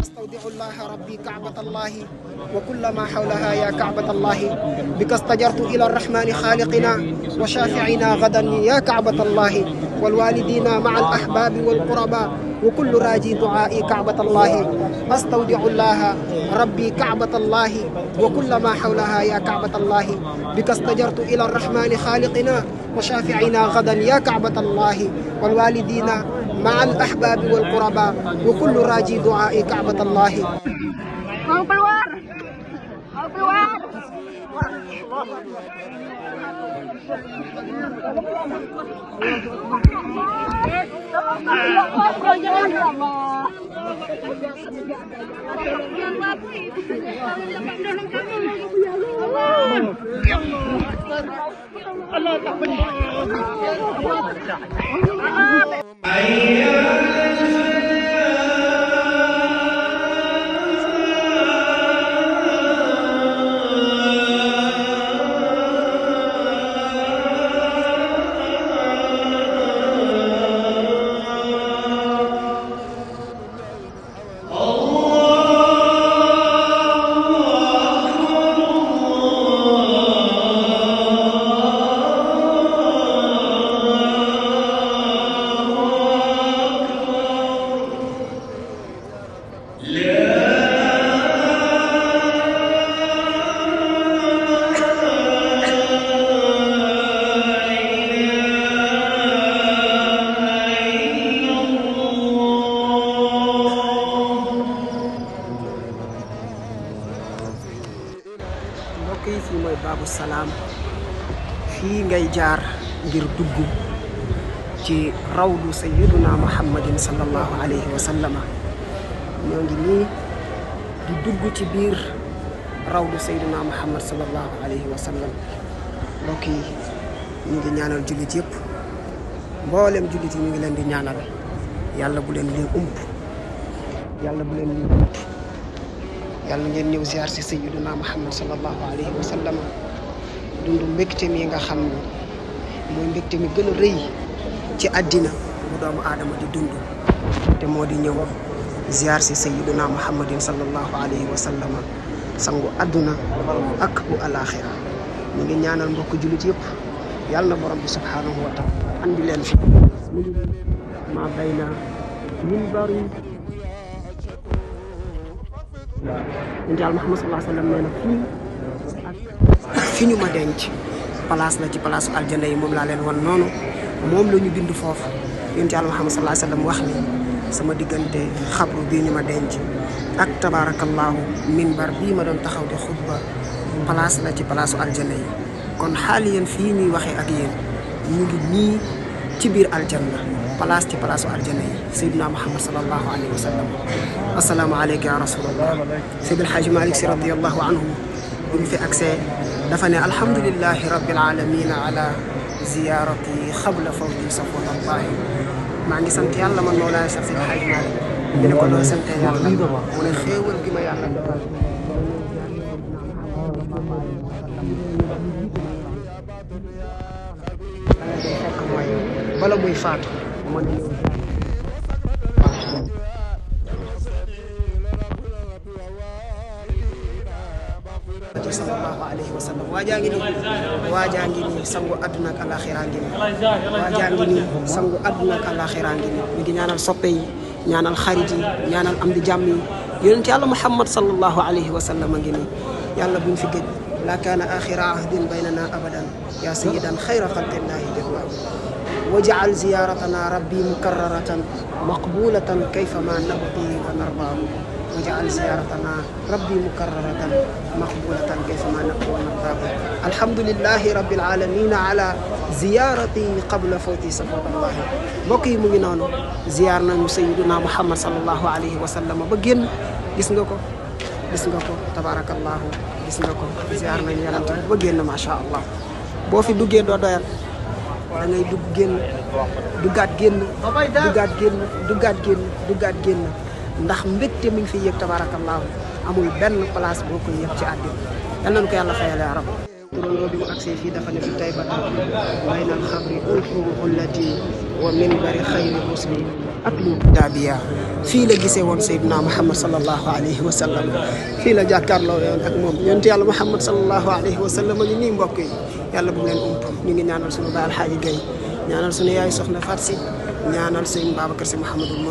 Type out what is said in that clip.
أستودع الله ربي كعبة الله وكل ما حولها يا كعبة الله بك استجرت إلى الرحمن خالقنا وشافعنا غدا يا كعبة الله والوالدين مع الأحباب والقرباء وكل راجي دعائي كعبة الله أستودع الله ربي كعبة الله وكل ما حولها يا كعبة الله بك استجرت إلى الرحمن خالقنا وشافعنا غدا يا كعبة الله والوالدين مع الأحباب والقرباء وكل راجي دعاء كعبة الله mau keluar mau keluar Allah Yeah. mbokk yi fii mooy Salam fii ngay jaar ngir dugg ci rawdu sayyiduna muhammadin sallallahu alayhi wa sallama ñoo ngi nii di dugg ci biir rawdu sayyiduna muhammad sallallahu alayhi wa sallam mbokk yi ñu ngi ñaanal jullit yépp mboolem jullit yi ñu ngi leen di ñaanal yàlla bu leen lii ump yàlla bu leen lii yàlla ngeen ñëw ziar si sayyiduna Muhammad sallallahu alayhi wa sallam dund mbégte mi nga xam ne mooy mbégte mi gën a rëy ci àddina bu doomu aadama di dund te moo di ñëw ziar si sayyiduna Muhammadin sallallahu alayhi wa sallam sangu àdduna ak bu alaaxira ñu ngi ñaanal mbokk jullit yépp yàlla na borom bi subhaanahu wa taala andi leen fi yonent yàlla Muhammad sallallahu alayhi wa sallam ñu ma denc place la ci place u aljana yi moom laa leen wan noonu moom la ñu bind foofu yonent yàlla Muhammad sallallahu alayhi wa sallam wax ni sama diggante xabru bii ñu ma denc ak tabaarakallaahu minbar bii ma doon taxaw di xutba place la ci place u aljana yi kon xaaliyan fii ñuy waxe ak yéen ñu ngi nii ci biir aljanna place ci place u aljanna yi sayduna muhammad salallahu alayhi wa sallam asalaamu aleyka ya rasulallah seyd alxaaji malik si radiallahu anhu bu ñu fi accès dafa ne alhamdulilahi rabil alamina ala ziyarati xabla fawti safwatallahi maa ngi sant yàlla man moolaay sax seyd alxaaji malik ñu ne ko loo sante yàlla mu ne xéewal gi ma yàlla defal Thank you. wala muy faatu ma ñëw sallallahu alayhi wa sallam waajaa ngi nii waajaa ngi sangu àdduna ak alaxira ngi sangu àdduna ak alaxira ngi nii ñu ngi ñaanal soppe yi ñaanal xarit yi di jàmm yi yonent yàlla muhammad sallallahu alayhi wa sallam ngi nii yàlla buñ fi gëj laa kaana axira ahdin baynana abadan yaa sayyidan xayra xalqillahi واجعل زيارتنا ربي مكررة مقبولة كيفما نبقي ونرضى واجعل زيارتنا ربي مكررة مقبولة كيفما نبقي ونرضى الحمد لله رب العالمين على زيارتي قبل فوتي صلى الله بقي مجنون زيارنا سيدنا محمد صلى الله عليه وسلم بقين جسنكو جسنكو تبارك الله جسنكو زيارنا يلا بقين ما شاء الله بوفي بقين دو دوير da ngay dugg génn duggaat génn duggaat génn duggaat génn duggaat génn ndax mbégte mi ngi fi yëg tabaarakallaahu amul benn place boo koy yëg ci àddina na nañu ko yàlla fayal yaa rab turandoo bi mu agsee fii dafa ne fi tey ba taw bay nal xabri ulfu xullati wa min bari xayri muslim atlu daabiya fii la gisee woon na muhammad salallahu alayhi wa sallam fii la jàkkaarloo yoon ak moom yonent yàlla muhammad salallahu alayhi wa sallam ngi nii mbokk yi yàlla bu leen ump ñu ngi ñaanal sunu baay alxaaji gay ñaanal sunu na soxna fat si ñaanal sëñ babacar si muhammadul